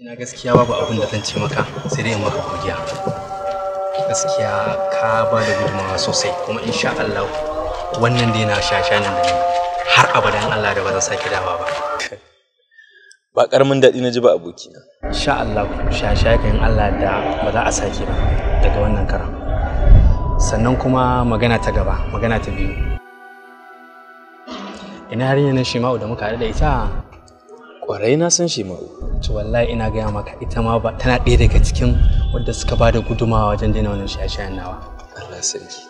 ina gaskiya babu abin da zan ce maka sai dai in maka godiya gaskiya ka ba da gudunmawa sosai kuma insha Allah wannan dai na shashanin da har abadan Allah da ba zan sake dawa ba ba karamin daɗi na ji ba abokina insha Allah shashaya kan Allah da ba za a sake ba daga wannan kara. sannan kuma magana ta gaba magana ta biyu ina yanzu shi shima'u da muka haɗu da ita Kwarai na san shi ma'u. To wallahi ina gaya maka ita ma ba tana ɗaya daga cikin wadda suka ba da gudumawa wajen daina wannan shaye nawa. Allah sarki.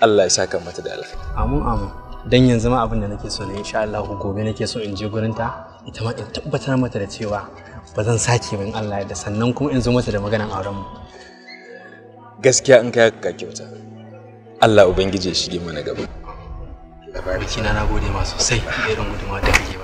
Allah ya saka mata da alheri. Amin amin. Dan yanzu ma abin da nake so ne insha Allah gobe nake so in je gurin ta ita ma in tabbatar mata da cewa ba zan sake ba in Allah ya da sannan kuma in zo mata da maganar auren mu. Gaskiya in kai ka kyauta. Allah ubangiji ya shige mana gaba. Abokina na gode ma sosai da irin gudumawa da kake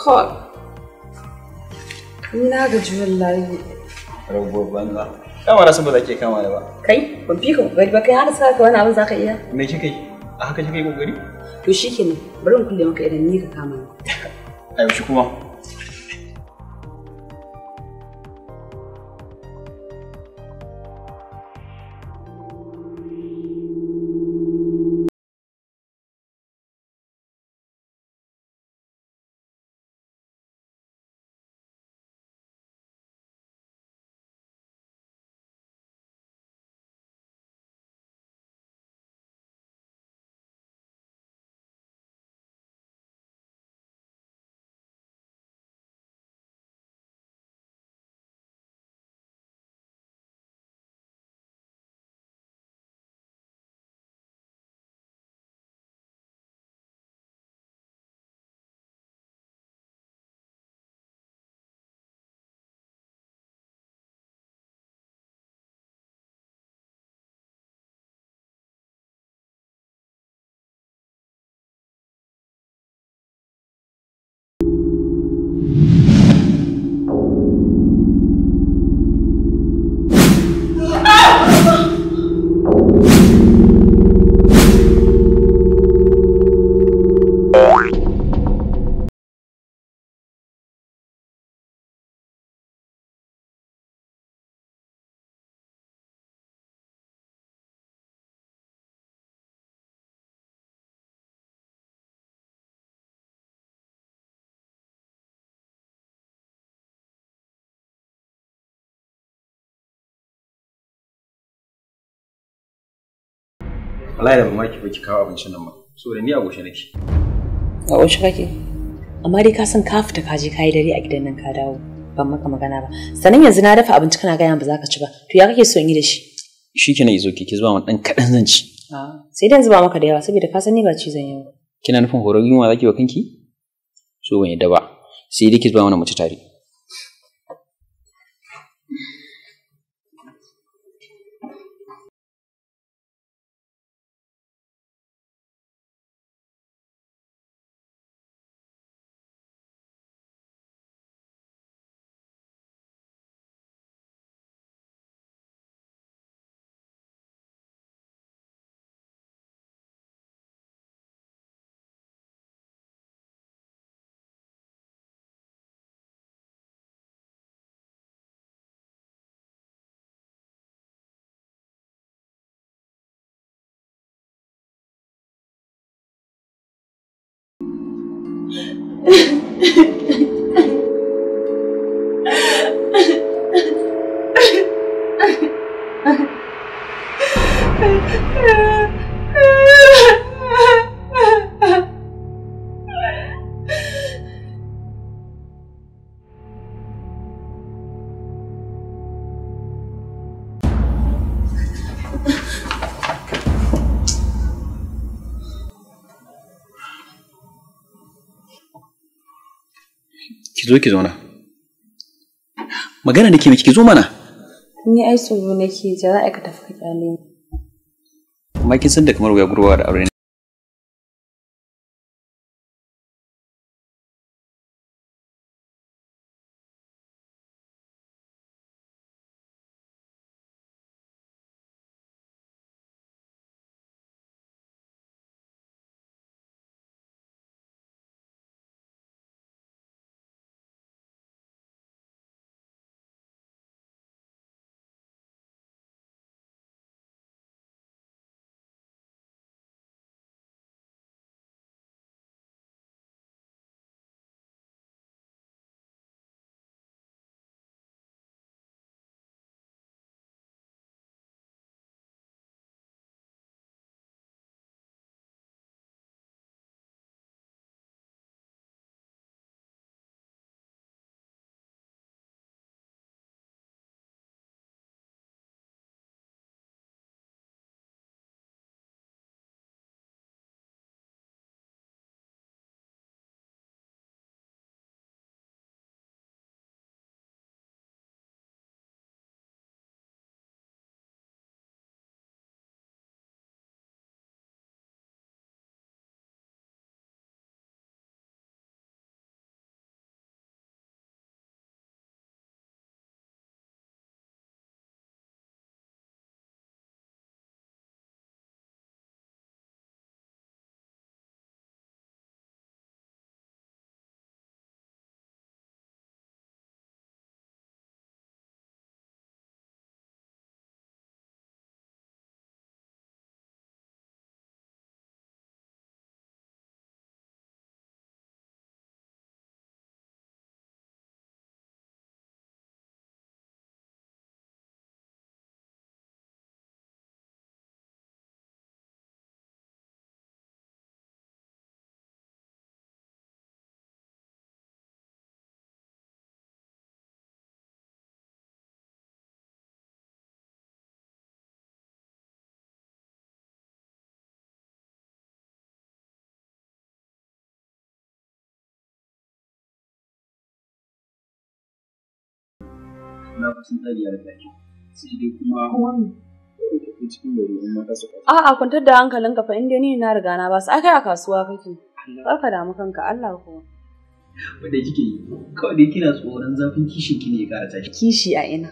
Call. Ni na gaji wallahi. Rago banza. Kama na san ba za kama da ba. Kai, ban fi ka kokari ba kai har sa ka wani abin za ka iya. Me kika yi? A haka kika yi kokari? To shikenan, bari in kulle maka idan ni ka kama ni. A yaushe kuma? wallahi da mamaki ba ki kawo abincin nan ba saboda ni a goshe nake a goshe kake amma dai ka san ka fita ka je ka yi dare a gidan nan ka dawo ban maka magana ba sannan yanzu na dafa abinci kana gaya ba za ka ci ba to ya kake so in yi da shi shi kenan yi ki ki zuba min dan kaɗan zan ci sai dan zuba maka da yawa saboda ka san ni ba ci zan yi ba kina nufin horon yunwa zaki wa kanki so ban yadda ba sai dai ki zuba mana mace tare Yeah. zo ki zauna magana nake miki ki zo mana ni ai tsoro nake jira ai ka tafi ka amma kin san da kamar wuya gurwa da aure kusan ɗari da sai dai kuma cikin gari in a'a kwantar da hankalin ka fa inda ni na riga na ba su akai a kasuwa kake kar ka damu kanka Allah ko wanda kike kawai dai kina tsoron zafin kishin ki ne ya ƙara tashi kishi a ina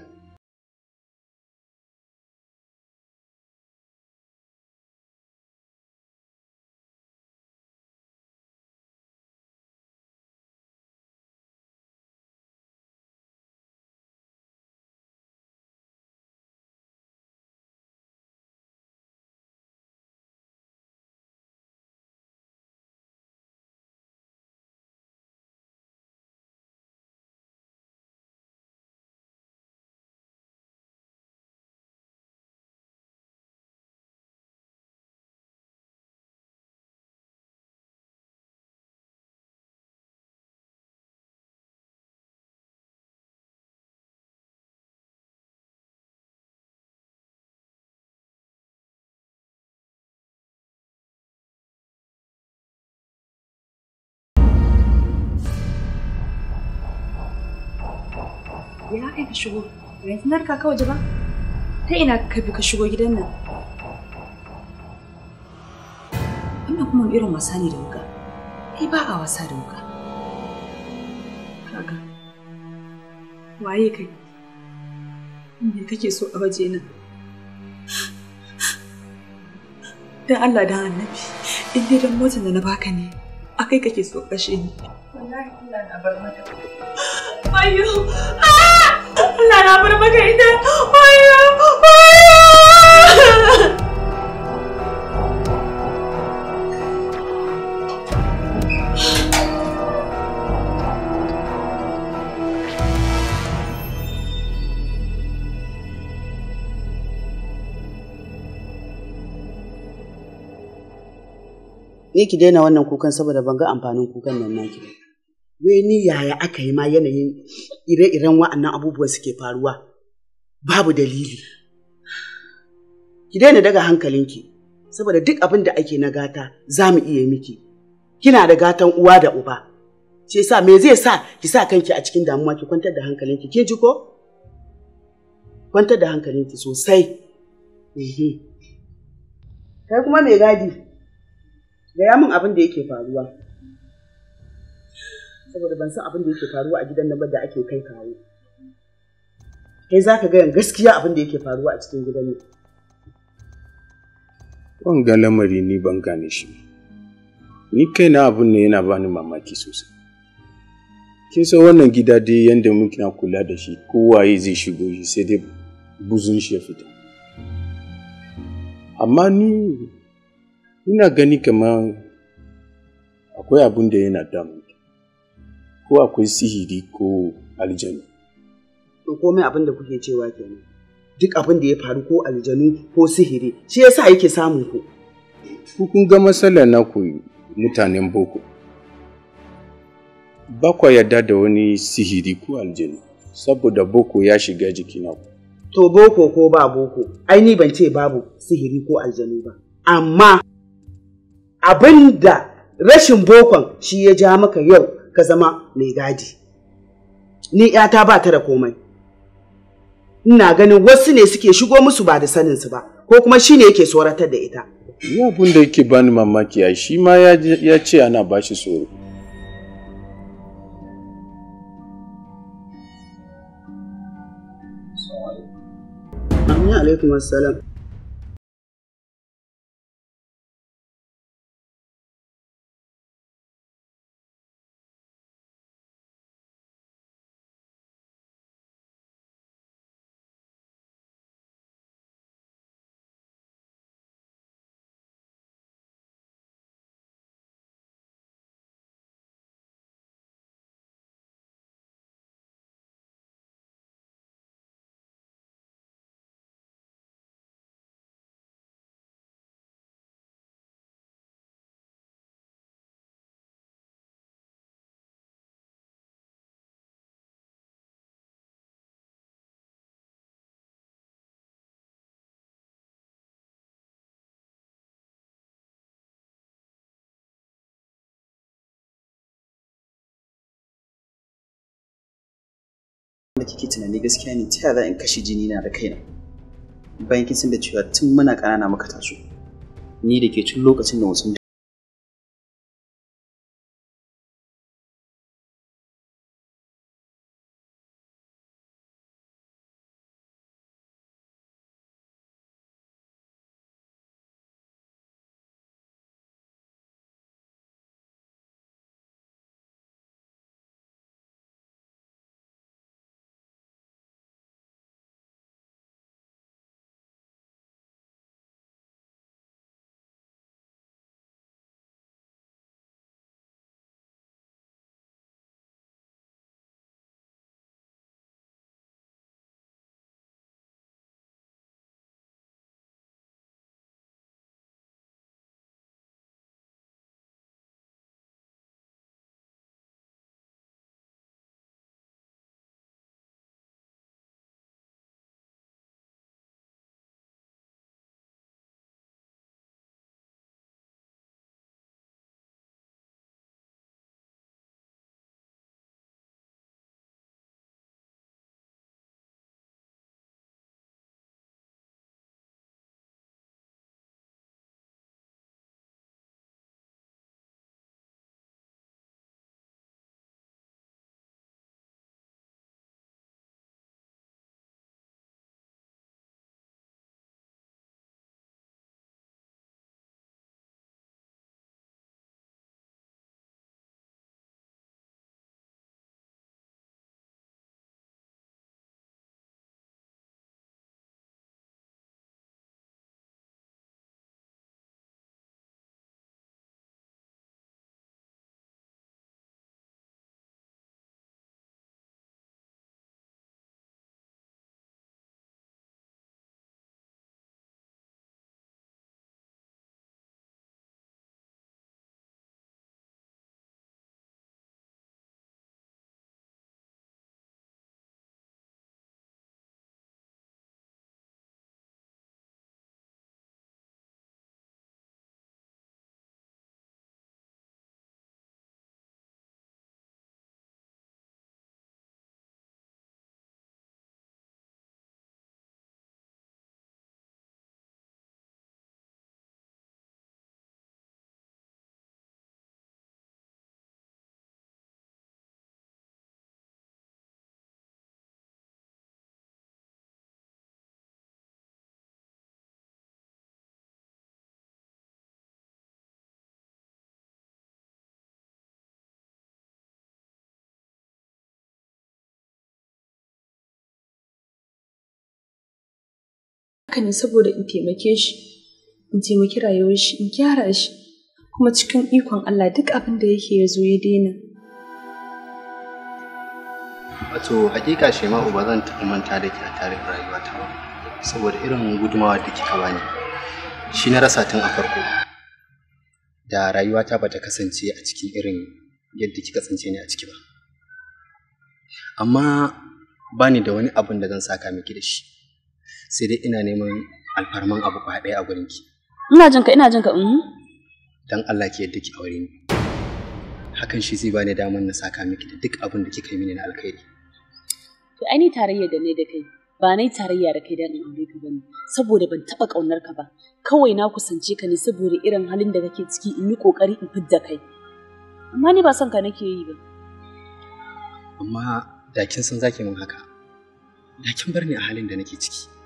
ya aika shigo ba yanzu narka ka waje ba ta ina ka bi ka shigo gidan nan wannan kuma irin wasa ne da wuka kai ba a wasa da wuka kaga waye kai me kake so a waje nan dan Allah dan annabi in dai dan motar da na baka ne a kai kake so kashe ni wallahi Allah na bar mata ayyo Allah na bar maka ita. Ni ki daina wannan kukan saboda ban ga amfanin kukan nan naki wai ni yaya aka yi ma yanayin ire-iren wa'annan abubuwan suke faruwa babu dalili ki daina daga hankalinki saboda duk abin da ake na gata za mu iya miki kina da gatan uwa da uba ce sa me zai sa ki sa kanki a cikin damuwa ki kwantar da hankalinki kin ji ko kwantar da hankalinki sosai kai kuma mai gadi gaya min abin da yake faruwa saboda ban san abin da yake faruwa a gidan nan ba da ake kai kawo kai za ka gayan gaskiya abin da yake faruwa a cikin gidan nan ban ga lamari ni ban gane shi ni kaina abin ne yana bani mamaki sosai kin san wannan gida dai yadda muke kula da shi kowaye zai shigo shi sai dai buzun shi ya fita amma ni ina gani kamar akwai abin da yana damu ko akwai sihiri ko aljanu. To komai abin da kuke cewa kenan. Duk abin da ya faru ko aljanu ko sihiri shi yasa yake samun ku. Ku kun ga matsalar na ku mutanen boko. Ba kwa yarda da wani sihiri ko aljanu saboda boko ya shiga jikina ku. To boko ko ba boko, ai ni ban ce babu sihiri ko aljanu ba. Amma abin da rashin bokon shi ya ja maka yau ka zama mai gadi ni ‘yata ba ta da komai ina ganin wasu ne suke shigo musu ba da saninsu ba ko kuma shi ne yake tsoratar da ita ya abin da yake bani mamaki a shi ma ya ce ana ba shi tsoro alaikum assalam kike tunani gaskiya ne ta za in kashe jini na da kaina bayan kin san da cewa tun muna ƙanana muka taso ni da ke tun lokacin da wasu haka ne saboda in taimake shi in taimaki rayuwar shi in gyara shi kuma cikin ikon Allah duk abin da yake ya zo ya daina wato hakika shema'u uba zan taɓa manta da ke a tarihin rayuwata ba saboda irin gudumawa da kika bani shi na rasa tun a farko da rayuwata ta bata kasance a cikin irin yadda kika tsince ni a ciki ba amma ba ni da wani abin da zan saka miki da shi sai dai ina neman alfarman abu ba ɗaya a gurin ki ina jin ka ina jin ka mm uhm. dan Allah ki yadda ki aure ni hakan shi zai bani damar na saka miki da duk abin da kika yi mini na alkhairi to ai ni tarayya da ne da kai ba nai tarayya da kai dan in aure ka bane saboda ban taba kaunar ka ba kawai na kusance ka ne saboda irin halin da kake ciki in yi kokari in fidda kai amma ni ba son ka nake yi ba amma da kin san zaki min haka da kin bar ni a halin da nake ciki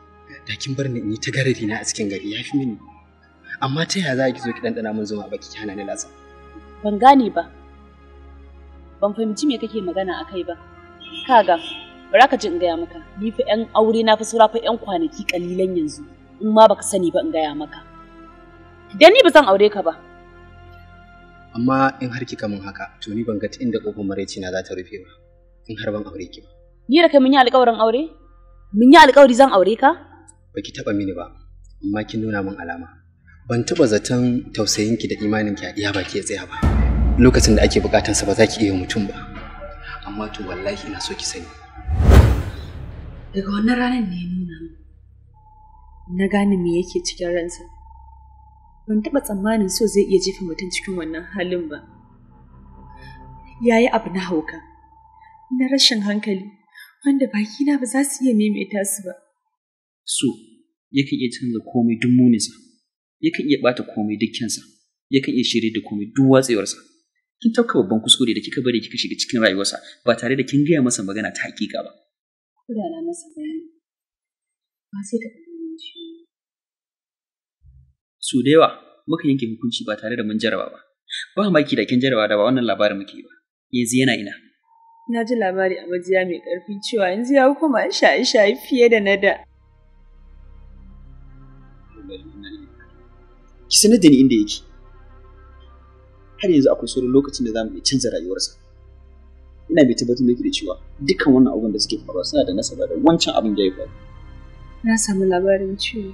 da kin bar ni in yi ta garari na a cikin gari ya fi mini amma ta yaya za ki zo ki ɗanɗana min zuma baki ki hana ni latsa ban gane ba ban fahimci me kake magana a kai ba kaga bari ka ji in gaya maka ni fa yan aure na fa saura fa yan kwanaki kalilan yanzu in ma baka sani ba in gaya maka dan ni ba zan aure ka ba amma in har kika mun haka to ni ban ga ta inda kofar maraici na za ta rufe ba in har ban aure ki ba ni da kai mun yi alƙawarin aure mun yi alƙawari zan aure ka baki taba mini ba amma kin nuna min alama ban taba zaton tausayinki da imaninki a iya baki ya tsaya ba lokacin da ake bukatan sa ba za ki iya mutum ba amma to wallahi ina so ki sani daga wannan ranar ne ya nuna min na gane me yake cikin ransa ban taba tsammanin so zai iya jefa mutum cikin wannan halin ba yayi abu na hauka na rashin hankali wanda bakina ba za su iya maimaita su ba so yakan iya canza komai duk muninsa yakan iya bata komai duk yakan iya shirye da komai duk watsewarsa kin tauka babban kuskure da kika bari kika shiga cikin rayuwarsa ba tare da kin gaya masa magana ta hakika ba Kudana na masa ba sai ka su da yawa muka yanke hukunci ba tare da mun jaraba ba ba maki da kin jaraba da ba wannan labarin muke ba yanzu yana ina na ji labari a majiya mai ƙarfi cewa yanzu ya koma shaye-shaye fiye da na da ki sanar da ni inda yake har yanzu akwai sauran lokacin da za mu iya canza rayuwarsa ina mai tabbatar da da cewa dukkan wannan abubuwan da suke faruwa suna da nasaba da wancan abin da ya faru na samu labarin ciwo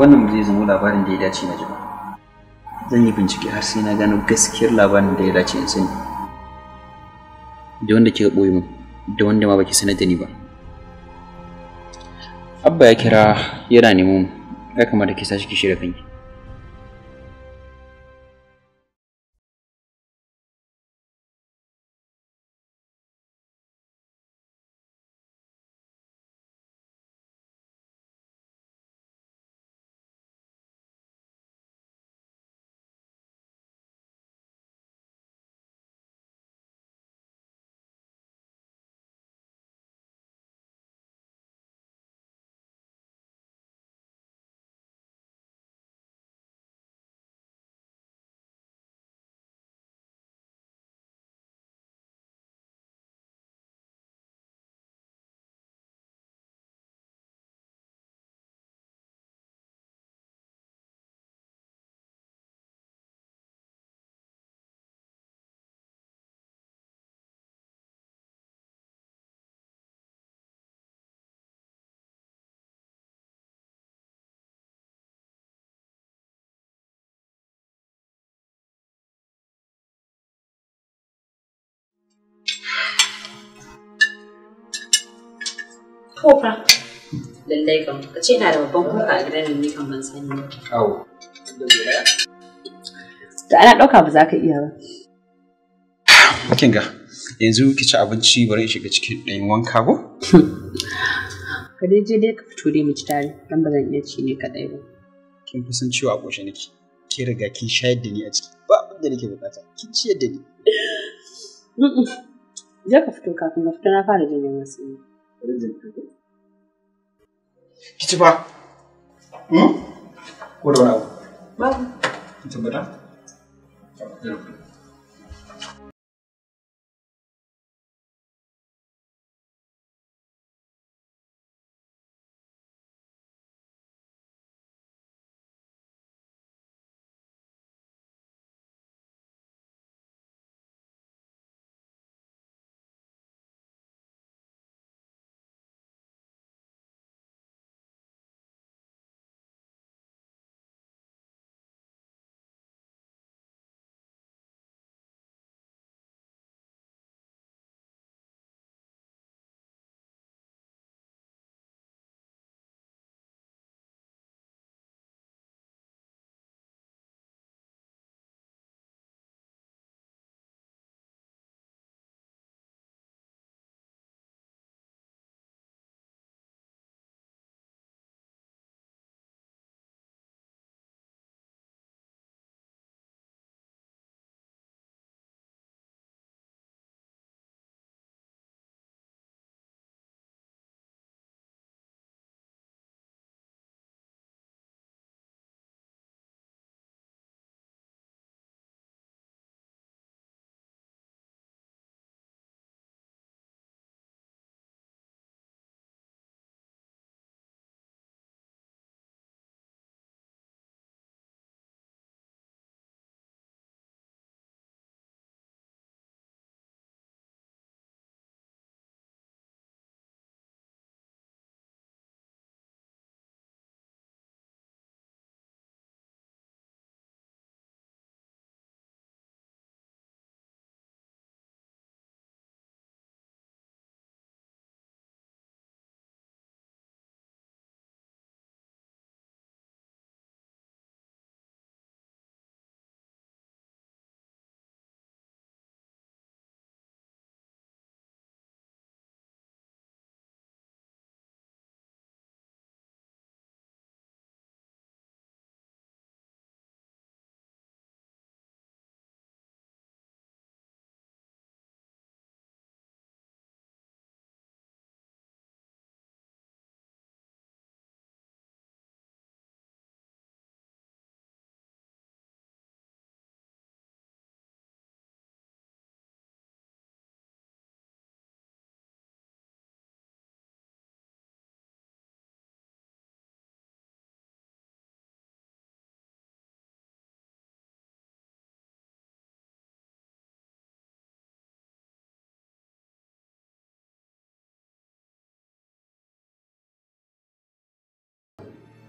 wannan zai zama labarin da ya dace na jima zan yi bincike har sai na gano gaskiyar labarin da ya dace in sani da wanda kika ɓoye mu, da wanda ma baki sanar da ni ba abba ya kira yana nemo ya kamata ki sashi ki shirya kanki Ko fa? Lallai kam, ka ce ina da babban kuka a gidan nan ne kan ban sani. Awo. Da ana ɗauka ba za ka iya ba. Kin ga, yanzu ki ci abinci bari in shiga cikin ɗayin wanka ko? Ka dai je dai ka fito dai mu ci tare, dan ba zan iya ci ne kaɗai ba. Kin fi san cewa ƙoshe nake. Ki riga kin shayar da ni a ciki ba abin da nake bukata, kin ciyar da ni. Je ka fito kafin ka fito na fara jin yunwa sai. Ki ci fa? Hmm? Ko da wani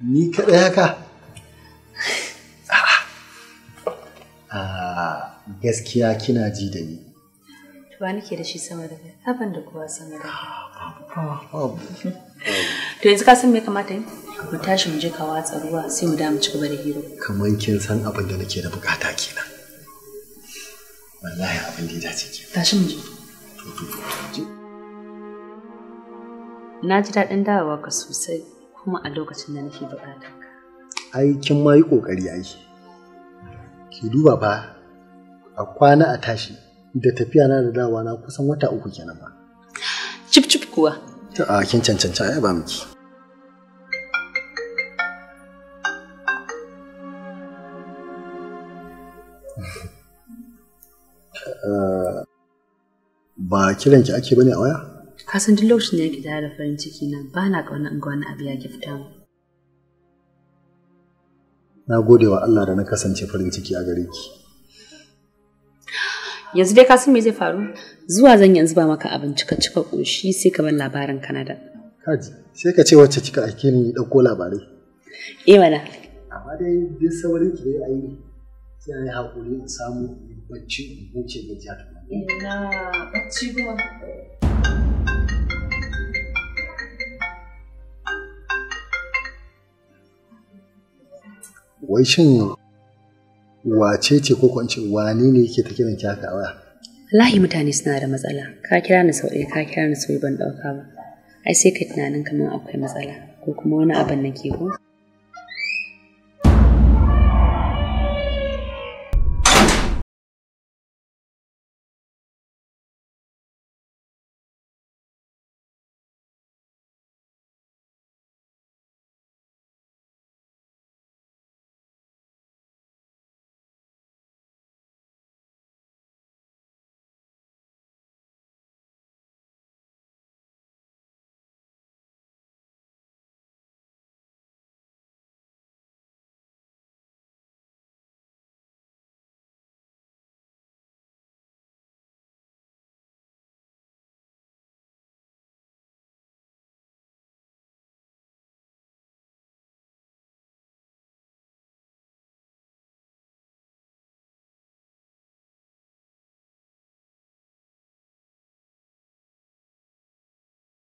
Ni kaɗai haka? A ah, gaskiya kina ji da ni. Tuwa nake da shi sama da kai, abin da kowa sama da kai. To yanzu ka san me kamata yi? Mu tashi mu je ka watsa ruwa sai mu damu ci gaba da hira. Kaman kin san abin da nake da bukata kenan. Wallahi abin da ya dace ke. Tashi mu je. Na ji daɗin dawowa ka sosai. kuma a lokacin da nake bukata ai kin ma yi ƙoƙari ai ki duba ba a kwana a tashi da tafiya na da dawa na kusan wata uku kenan ba cip cip kuwa a kin cancanci ai ba miki eh, ba kiranki ake bane a waya ka san duk lokacin da yake tare da farin ciki na ba na ƙauna in ga abu ya fita mu. Na gode wa Allah da na kasance farin ciki a gare ki. Yanzu dai ka san me zai faru? Zuwa zan yanzu ba maka abin cika cika ƙoshi sai ka bar labarin Kanada. Kaji, sai ka ce wacce kika ake ni ɗauko labarai. Eh mana. Amma dai duk saurin ki dai ayi sai ayi hakuri in samu bacci in huce jiya Ina eh, bacci kuma. wai shin wace ce ko kwanci wani ne yake ta kiran kyaka haka waya wallahi mutane suna da matsala ka kira ni sau ɗaya ka kira ni sau ban ɗauka ba ai sai ka tunanin kamar akwai matsala ko kuma wani abin nake ko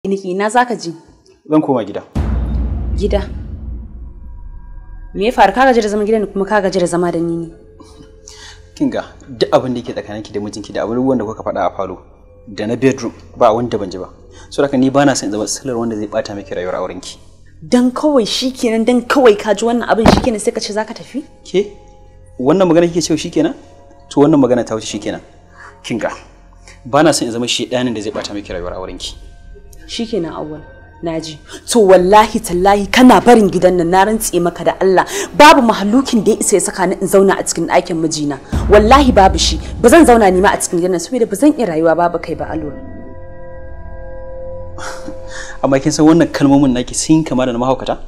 Iniki za zaka ji? Zan koma gida. Gida. Me ya faru ka gaji da zaman gidan kuma ka gaji da zama da ni ne? Kinga, duk abin da yake tsakaninki da mijinki da abubuwan da kuka faɗa a falo da na bedroom ba wanda ban ji ba. So haka ni bana son zama silar wanda zai bata miki rayuwar aurenki. Dan kawai shikenan dan kawai ka ji wannan abin shikenan sai ka ce zaka tafi? Ke? Wannan magana kike cewa shikenan? To wannan magana ta wuce shikenan. Kinga, bana son in zama shedanin da zai bata miki rayuwar aurenki. shikenan awwal naji to wallahi tallahi kana barin gidan nan na rantse maka da Allah babu mahallukin da ya isa ya saka ni in zauna a cikin ɗakin mijina wallahi babu shi ba zan zauna ni ma a cikin gidan nan saboda ba zan iya rayuwa babu kai ba alur amma kin san wannan kalmomin naki sun kama da na mahaukata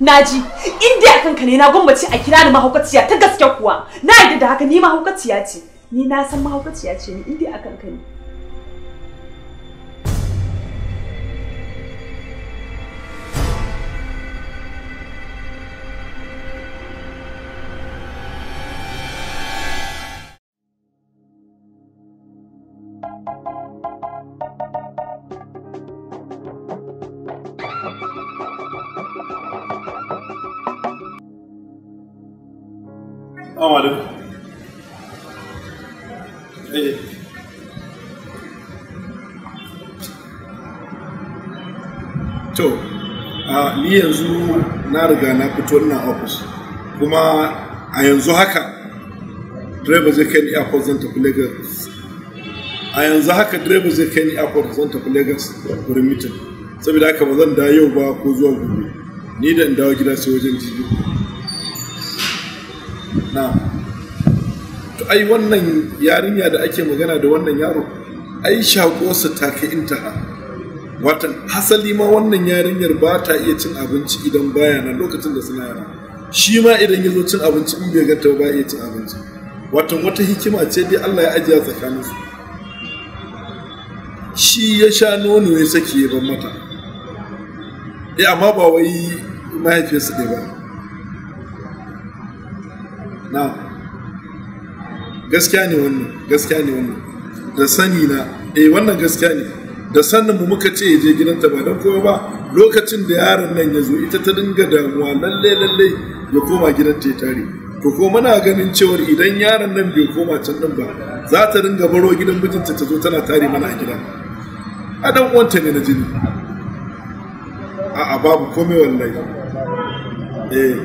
naji in dai akan ka ne na gwammace a kira da mahaukaciya ta gaske kuwa na yadda da haka ni mahaukaciya ce ni na san mahaukaciya ce ni in dai akan ka ne Amalu. Eh. To, ni yanzu na riga na fito na ofis kuma a yanzu haka direba zai kai ni airport zan tafi Lagos. A yanzu haka direba zai kai ni airport zan tafi Lagos wurin mitin. Saboda haka ba zan da yau ba ko zuwa gobe. Ni da in dawo gida sai wajen jibi. to ai wannan yarinya da ake magana da wannan yaro ai shakuwarsa ta kai inta watan hasali ma wannan yarinyar ba ta iya cin abinci idan baya na lokacin da suna yara shi ma idan ya zo cin abinci in bai ganta ba iya cin abinci watan wata hikima ce dai Allah ya ajiya tsakanin su shi ya sha nono ya sake ban mata eh amma ba wai mahaifiyarsa ɗaya ba gaskiya ne wannan gaskiya ne wannan da sani na eh wannan gaskiya ne da sannan mu muka ce ya je gidanta ba don kowa ba lokacin da yaron nan ya zo ita ta dinga damuwa lalle lalle ya koma gidanta ya tare to ko muna ganin cewar idan yaron nan bai koma can din ba za ta dinga baro gidan mijinta ta zo tana tare mana a gida a dan uwanta ne na jini a'a babu komai wallahi eh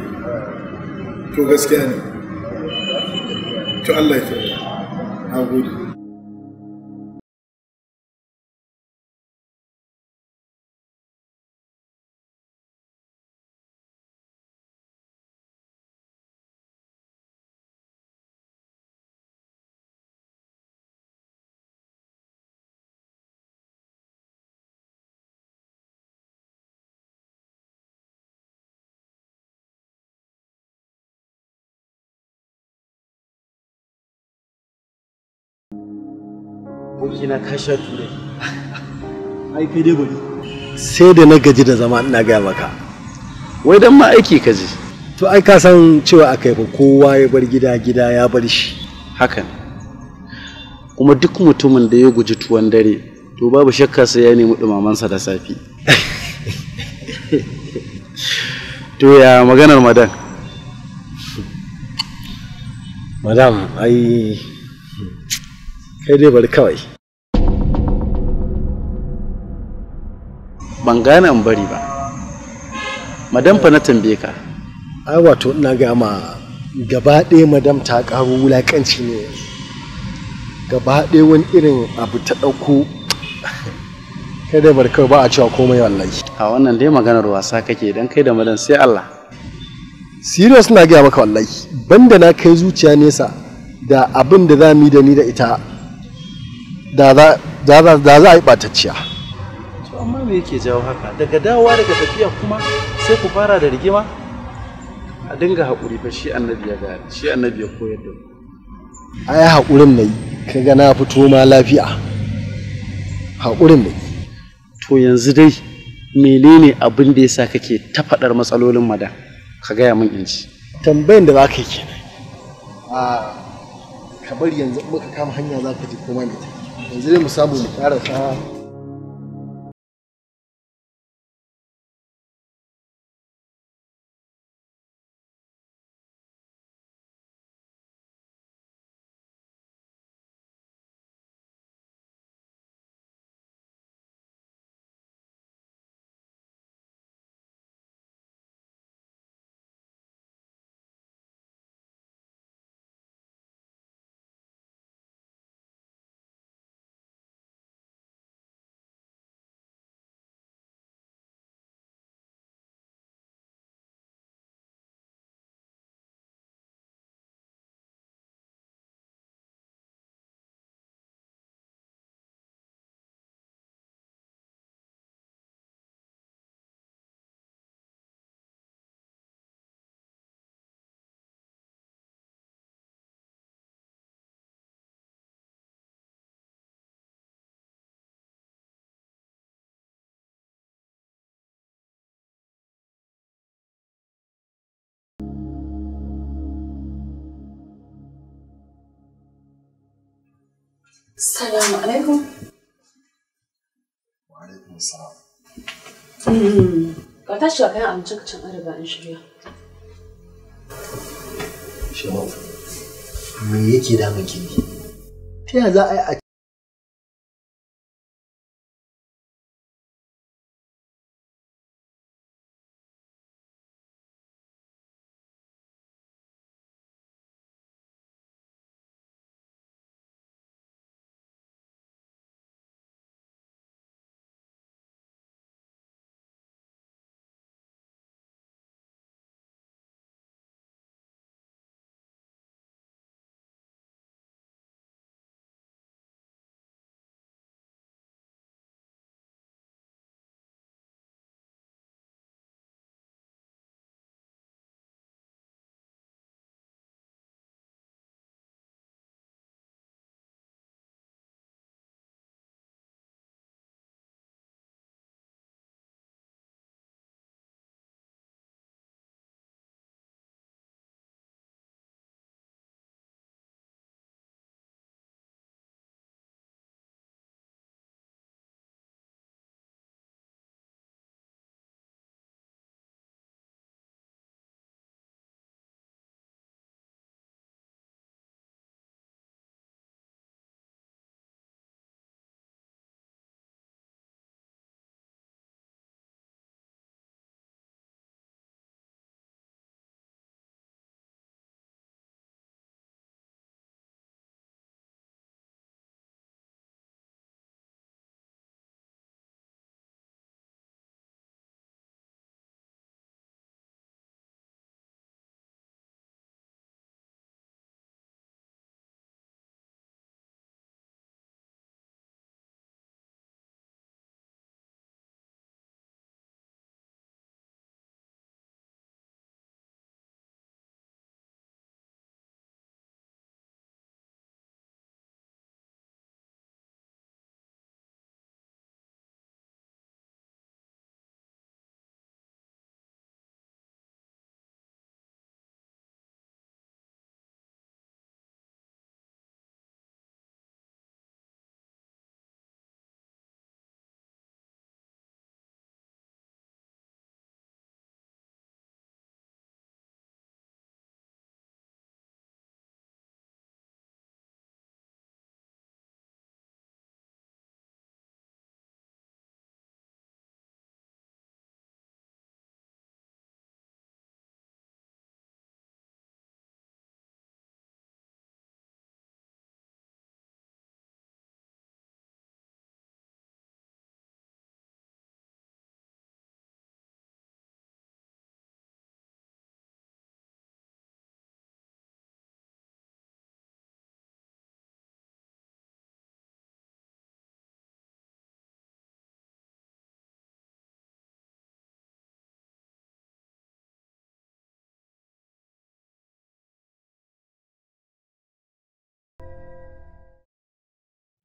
to gaskiya ne to Allah ya kyauta na gode ai kai dai sai da na gaji da zama ina gaya maka wai dan ma aiki ka ji. to ai ka san cewa a kai fa kowa ya bar gida gida ya bar shi hakan kuma duk mutumin da ya guji tuwon dare to babu shakka sai ya nemi dumamansa da safi to ya maganar madan madam ai kai dai bari kawai ban gane in bari ba madam fa na tambaye ka ai wato ina ga ma gaba ɗaya madam ta ƙaro wulaƙanci ne gaba ɗaya wani irin abu ta ɗauko kai da barkar ba a cewa komai wallahi a wannan dai maganar wasa kake dan kai da madan sai Allah serious na gaya maka wallahi banda na kai zuciya nesa da abin da za mu yi da ni da ita da za a yi ɓatacciya me yake jawo haka daga dawowa daga tafiya kuma sai ku fara da rigima a dinga haƙuri fa shi annabi ya gari shi annabi ya koyar da mu ai haƙurin nayi kaga na fito ma lafiya haƙurin ne. to yanzu dai menene abin da yasa kake ta faɗar matsalolin madan ka gaya min in ji tambayan da zaka yi kenan a bari yanzu muka kama hanya zaka ji kuma ne yanzu dai mu samu mu ƙara Salamu alaikum. Wa alaikum salam. Hmm. Ka tashi kayan abincin ka can an riga an shirya. me yake damun ki Ta za a yi a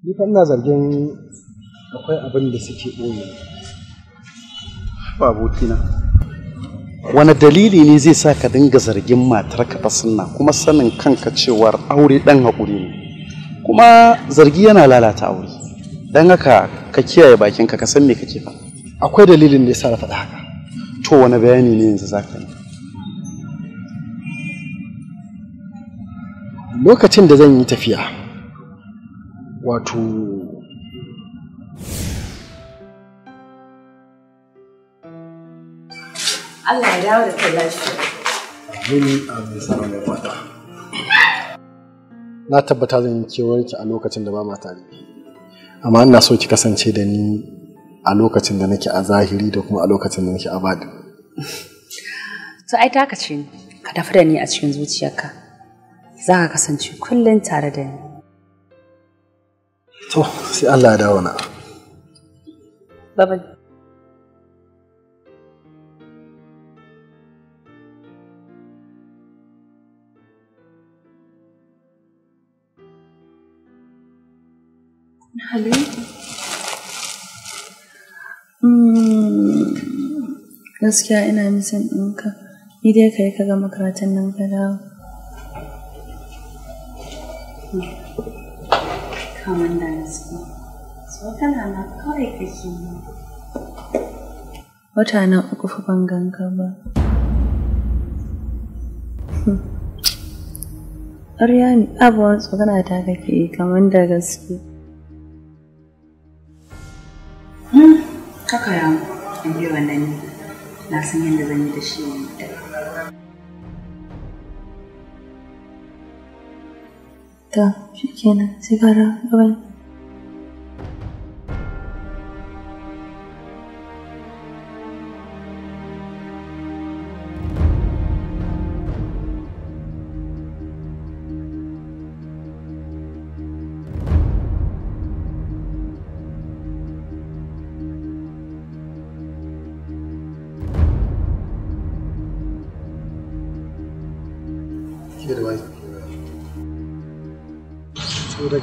ni na zargin akwai abin da suke ɓoye ba abokina wani dalili ne zai sa ka dinga zargin ka ta sunna kuma sanin kanka cewar aure ɗan haƙuri ne kuma zargi yana lalata aure Dan haka ka kiyaye bakinka ka san me kake fa akwai dalilin da ya sa na faɗa haka to wani bayani ne yanzu za ka yi lokacin da zan yi tafiya wato Allah ya dawo da ta lafiya. Amin amin sanar da fata. Na tabbata zan yi kewarki a lokacin da ba ma tare. Amma ina so ki kasance da ni a lokacin da nake a zahiri da kuma a lokacin da nake a badi. To ai taka ce ka tafi da ni a cikin zuciyarka. Za ka kasance kullum tare da ni. To, sai Allah ya dawo na. Baba. Hallo. Hmm, gaskiya ina nisan ɗinka. Ni dai ka yi ka gama karatun nan ka dawo. kan wanda na su tsokana na kawai kake yi wata na uku fi ban ganga ba ƙarya ne abuwan tsogana ta kake yi kamar da gaske kaka ya mu in wannan ne na san yadda zan yi da shi wani Tá, pequena, esse cara, eu venho.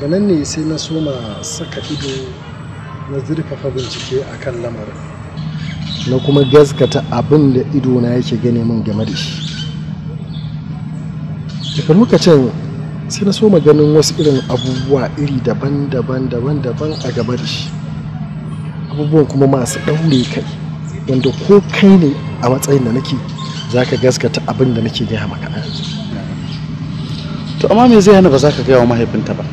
daga nan ne sai na soma saka ido na zurfafa bincike a kan lamarin na kuma gaskata abin da idona yake gane min game da shi daga lokacin sai na soma ganin wasu irin abubuwa iri daban-daban daban-daban a gaba da shi abubuwan kuma masu ɗaure kai wanda ko kai ne a matsayin da nake za ka gaskata abin da nake gaya maka to amma me zai hana ba za ka gaya wa mahaifinta ba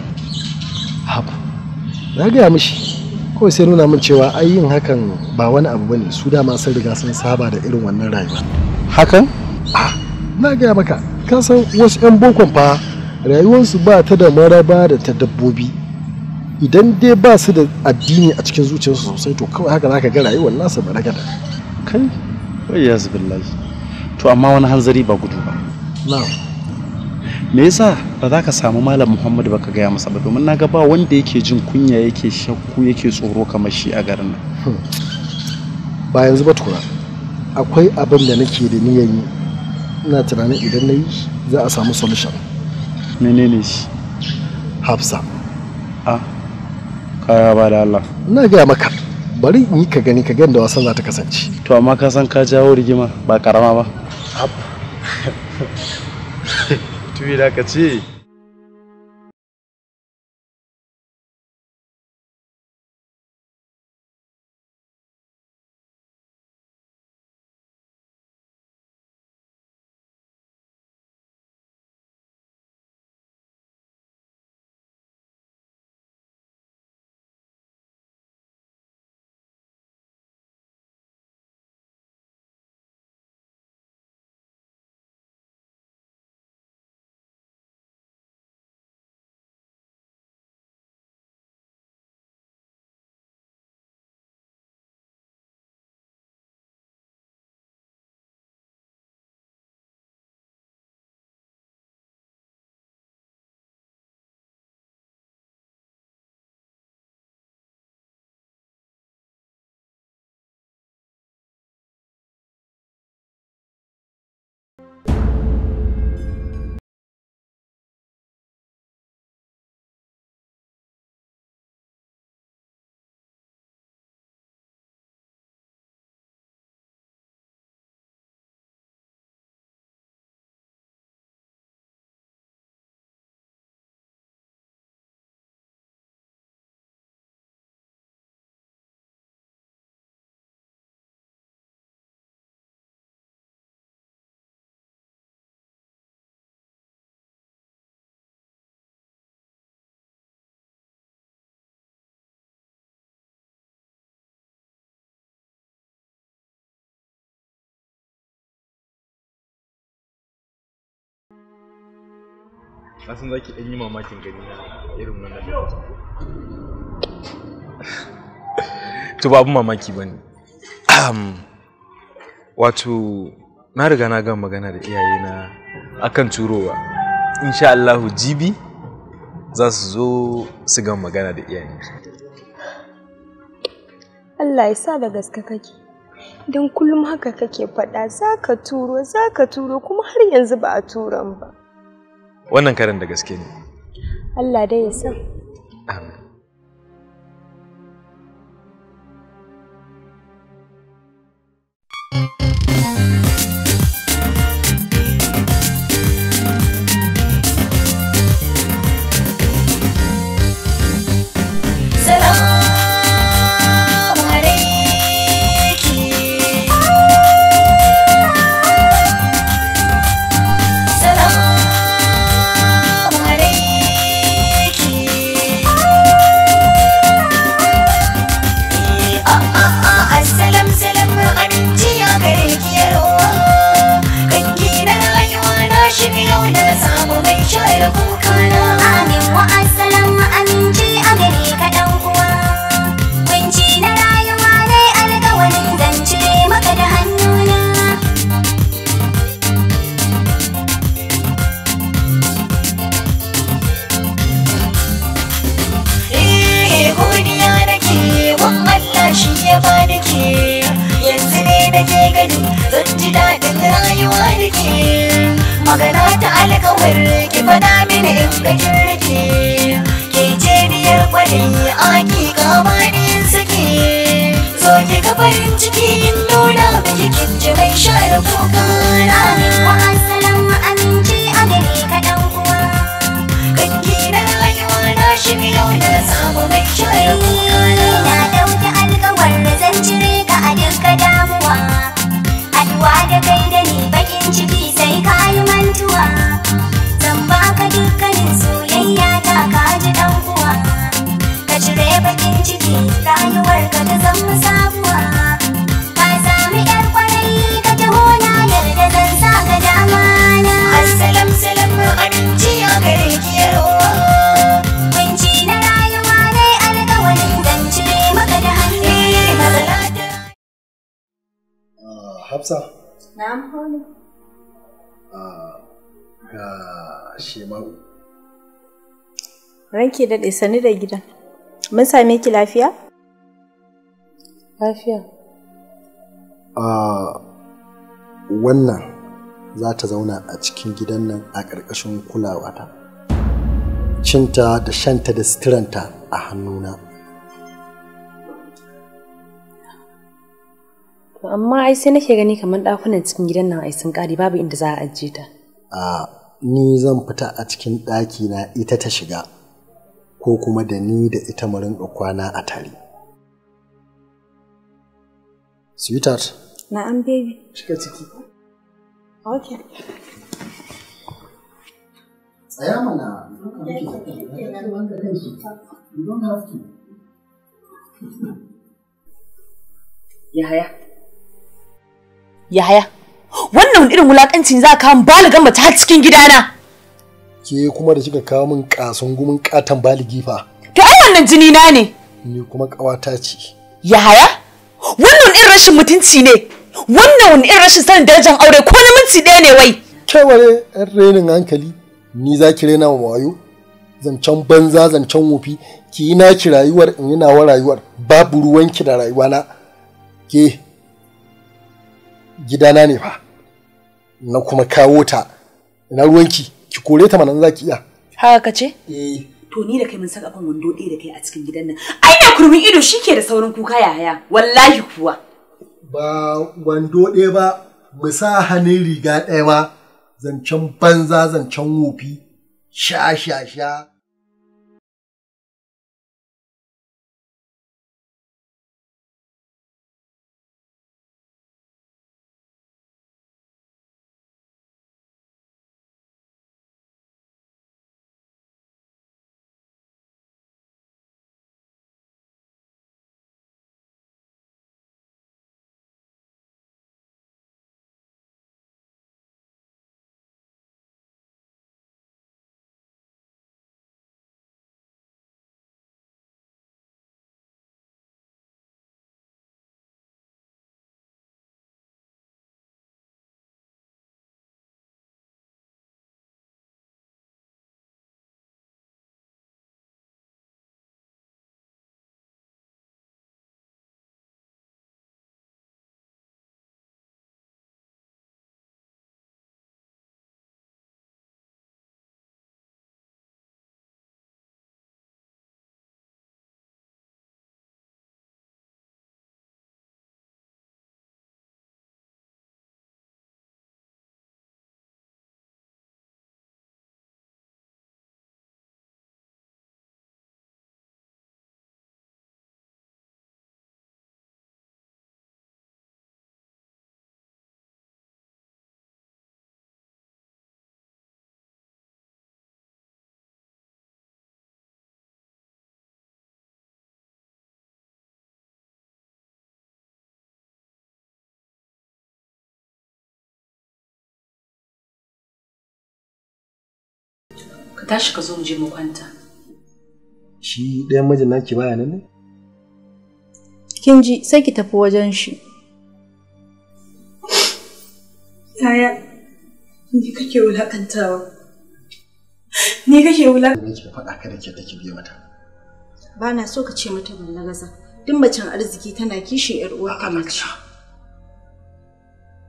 na gaya mishi kawai sai nuna min cewa ai yin hakan ba wani abu bane su dama sun riga sun saba da irin wannan rayuwa hakan ah, na gaya maka ka san wasu yan bokon fa rayuwarsu ba ta da maraba da ta dabbobi idan dai ba su da addini a cikin zuciyarsu sosai to kawai haka zaka ga rayuwar nasu ba ragada kai wai ya billahi to amma wani hanzari ba gudu ba na'am me yasa ba za ka samu malam muhammad ba ka gaya masa ba domin na ga ba wanda yake jin kunya yake shakku yake tsoro kamar shi a garin nan hmm. ba yanzu ba tura akwai abin da nake da niyyar yi ina tunanin idan na yi za a samu solution menene shi hafsa a kaya ba da allah na gaya maka bari in yi ka gani ka gani da wasan za ta kasance to amma ka san ka jawo rigima ba karama ba सु राखि na san zaki ɗan yi mamakin gani na irin wannan to ba mamaki ba ne wato na riga na ga magana da iyaye na akan turowa insha Allahu jibi za su zo su gama magana da iyayenki Allah ya sa da gaske kake don kullum haka kake faɗa za ka turo za ka turo kuma har yanzu ba a turan ba wannan karin da gaske ne Allah dai ya san gani zan ji daɗin rayuwa da ke magana ta alkawar ki fada mini in ga ke ce biyar kwari aki kama ni sake zo ki farin ciki in nuna miki kin ji mai share kuka na assalamu aminci a gare ka dan uwa rayuwa na shi yau na samu mai share kuka Shema'u. Ranke daɗe sani da gida. Mun same ki lafiya? Lafiya. A wannan za ta zauna a cikin gidan nan a ƙarƙashin kulawata. Cinta da shanta da sitiranta a hannuna. amma ai sai nake gani kamar ɗakunan cikin gidan nan ai sun ƙare babu inda za a ajiye ta. A ni zan fita a cikin ɗaki na ita ta shiga ko kuma da ni da ita mu kwana a tare. Sweetheart. Na'am baby. Shiga ciki. Ok. Tsaya mana. You Yahaya. Yahaya. wannan irin wulakanci za ka baligan mace har cikin gidana ke kuma da kika kawo min kasan gumin katan baligi fa to ai wannan jini na ne ni kuma kawata ce yahaya wannan irin rashin mutunci ne wannan irin rashin sanin darajar aure ko na minti ɗaya ne wai ware yan renin hankali ni za ki rena wa wayo zancen banza zancen wufi? ki yi naki rayuwar in yi nawa rayuwar babu ruwanki da rayuwana ke gidana ne fa na kuma kawo ta na ruwanki ki kore ta mana za ki iya haka ce eh to ni da kai mun saka kan wando ɗaya da kai a cikin gidan nan ai na kurmin ido shike da saurin kuka yaya wallahi kuwa ba wando ɗaya ba mu sa hannun riga ɗaya ba zancen banza zancen wofi sha sha sha ka tashi ka zo mu je mu kwanta shi ɗayan mijin naki baya nan ne kin ji sai ki tafi wajen shi yaya ni kake wulakantawa ni kake wulakantawa ni ki faɗa kada ki da ki biye mata ba na so ka ce mata ban na gaza duk macen arziki tana kishin yar uwarka mace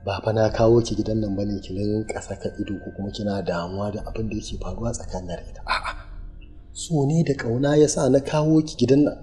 ba fa na kawo ki gidan nan bane ki rinka saka ido ko kuma kina damuwa da abin da yake faruwa tsakanin da ita a'a so ne da kauna yasa na kawo ki gidan nan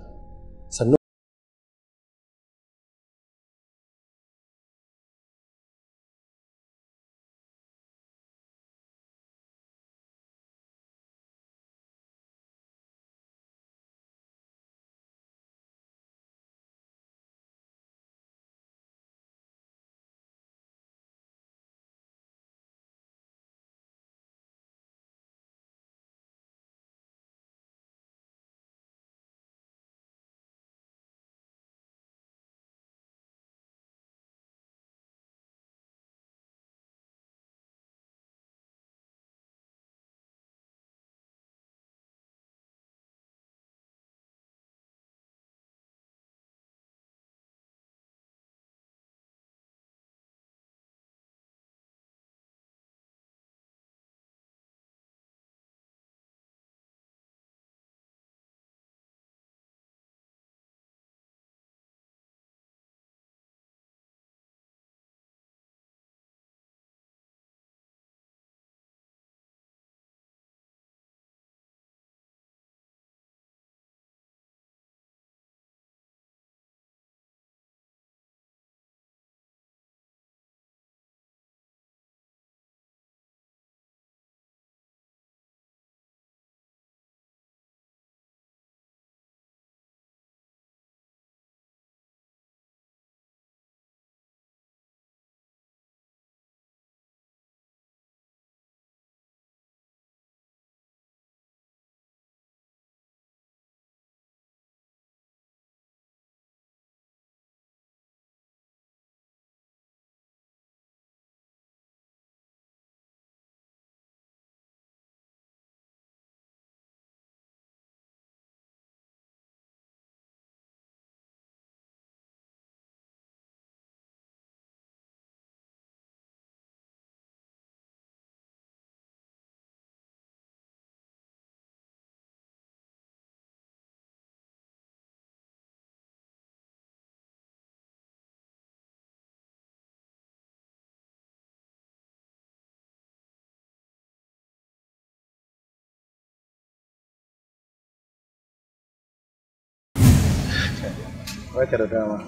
ba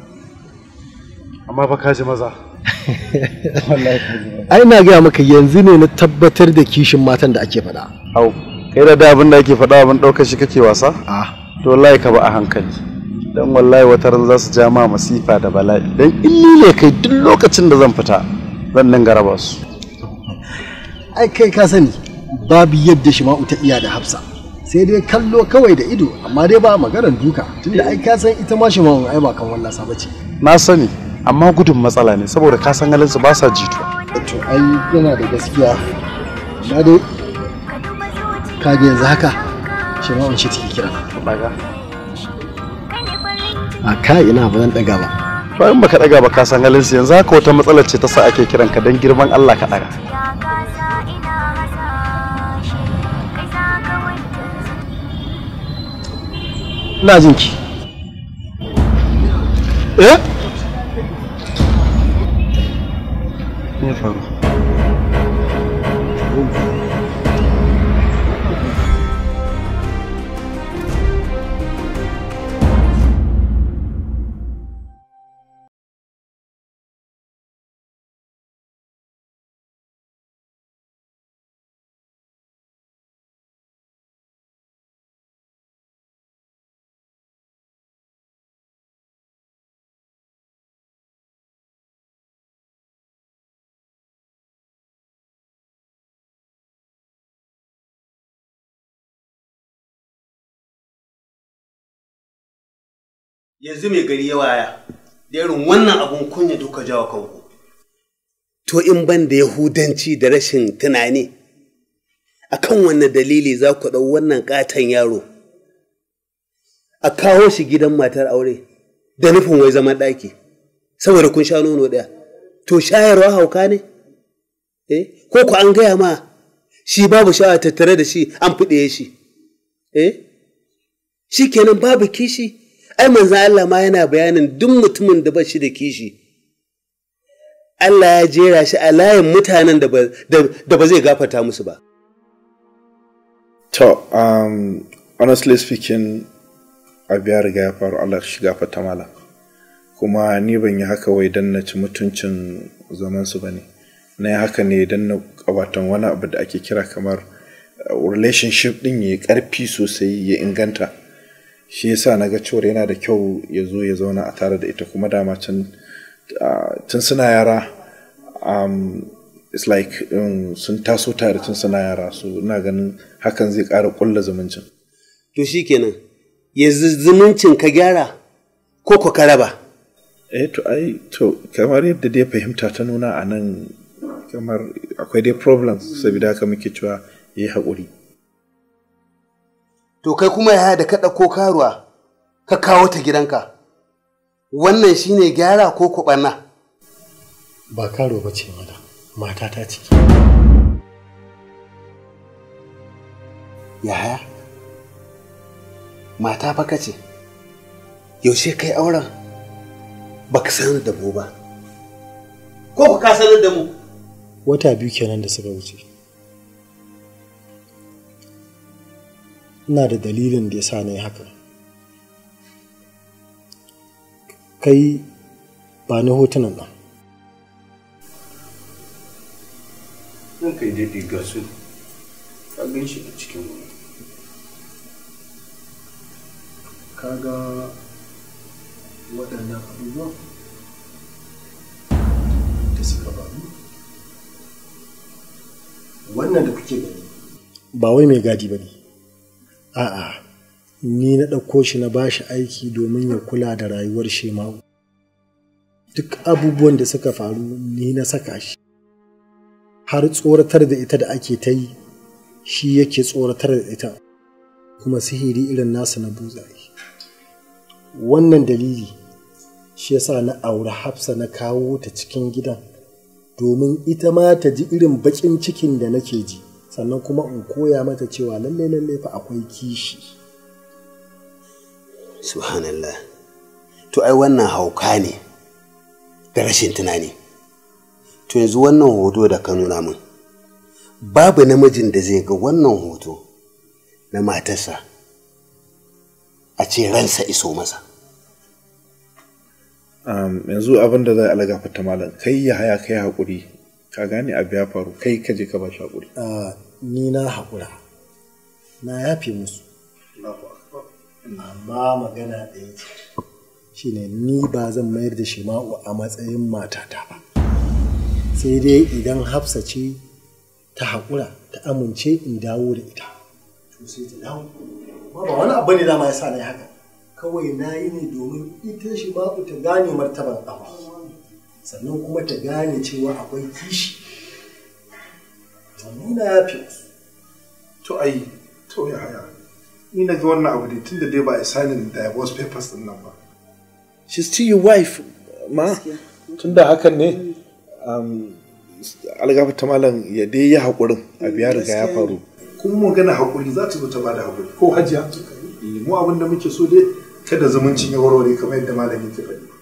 amma fa kaji maza ai na gaya maka yanzu ne na tabbatar da kishin matan da ake faɗa au kai da abin da ake faɗa abin ɗaukar shi kake wasa to wallahi ka ba a hankali dan wallahi wata ran za su ja ma masifa da bala'i dan in ne kai duk lokacin da zan fita zan dinga raba su ai kai ka sani babu yadda shima'u ta iya da hafsa sai dai kallo kawai da ido amma dai ba maganar duka tunda ai ka san ita ma shi ai ba kan wallasa bace na sani amma gudun matsala ne saboda ka san su ba sa jituwa to ai yana da gaskiya amma dai kage yanzu haka shi ma shi take kira daga a ka ina ba zan daga ba to in baka daga ba ka san su yanzu haka wata matsalar ce ta sa ake kiranka don girman Allah ka daga ina jin ki eh me faru yanzu mai gari ya waya da irin wannan abun kunya duka jawo kanku to in ban da yahudanci da rashin tunani a kan wannan dalili za ku ɗau wannan ƙaton yaro a kawo shi gidan matar aure da nufin wai zama ɗaki saboda kun sha nono ɗaya to shayarwa hauka ne eh ko ku an gaya ma shi babu sha'a tattare da shi an fiɗe shi eh shi kenan babu kishi ai manzo Allah ma yana bayanin duk mutumin da ba shi da kishi Allah ya jera shi a layin mutanen da ba zai gafata musu ba to um, honestly speaking abu ya riga ya faru Allah shi gafata mala kuma ni ban yi haka wai dan na ci mutuncin zaman su bane na yi haka ne dan na kabatan wani abu da ake kira kamar uh, relationship din ya karfi sosai ya inganta shi yasa na ga cewar yana da kyau ya zo ya zauna a tare da ita kuma dama can tun suna yara um, it's like um, sun taso tare tun suna yara so ina ganin hakan zai ƙara ƙulla zumuncin to shi kenan ya zumuncin ka gyara ko ko ka raba eh to ai to kamar yadda dai fahimta ta nuna a nan kamar akwai dai problems saboda haka muke cewa ya yi haƙuri to kai kuma yaya da kaɗa ko karuwa ka kawo ta gidanka wannan shine gyara ko kuɓanna ba karo ba ce mada mata ta ciki yaya mata baka ce yaushe kai auren Ba ka sanar da mu ba ko ka sanar da mu wata biyu kenan da suka wuce ina da dalilin da ya sa na yi haka kai ba na hotunan nan zan kai daidai ga su ka gan shi a cikin wani Ka ga waɗannan abubuwa da suka faru wannan da kuke gani ba wai mai gadi ba ne A'a, ni na ɗauko shi na ba shi aiki domin ya kula da rayuwar Shema'u. Duk abubuwan da suka faru ni na saka shi. Har tsoratar da ita da ake ta yi, shi yake tsoratar da ita, kuma sihiri irin nasa na buzaye. Wannan dalili shi yasa na auri hafsa na kawo ta cikin gidan domin ita ma ta ji irin baƙin cikin da nake ji. sannan kuma in koya mata cewa lalle lalle fa akwai kishi subhanallah to ai wannan hauka ne da rashin tunani to yanzu wannan hoto da ka nuna min babu namijin da zai ga wannan hoto na matarsa a ce ransa iso masa yanzu abin da zai algafata malam kai ya haya kai haƙuri ka gane abu ya faru kai ka je ka ba shi haƙuri ni na haƙura na yafe musu amma magana ɗaya ce shine ni ba zan mayar da shima'u a matsayin matata ba sai dai idan hafsa ce ta haƙura ta amince in dawo da ita to sai ta ba wani abu ne dama ya sa na yi haka kawai na yi ne domin ita shima'u ta gane martaban ƙafa sannan kuma ta gane cewa akwai kishi nuna ya fi to ai to ya haya ni na ga wannan abu da tun da dai ba a sanin divorce papers din nan ba she's still your wife ma tun da hakan ne um, algafa ta malam ya dai ya haƙurin abu ya mm, riga ya faru kuma mu gana haƙuri za ta zo ta ba da haƙuri ko hajiya eh, mu abin da muke so dai kada zumuncin ya warware kamar yadda malami yake faɗi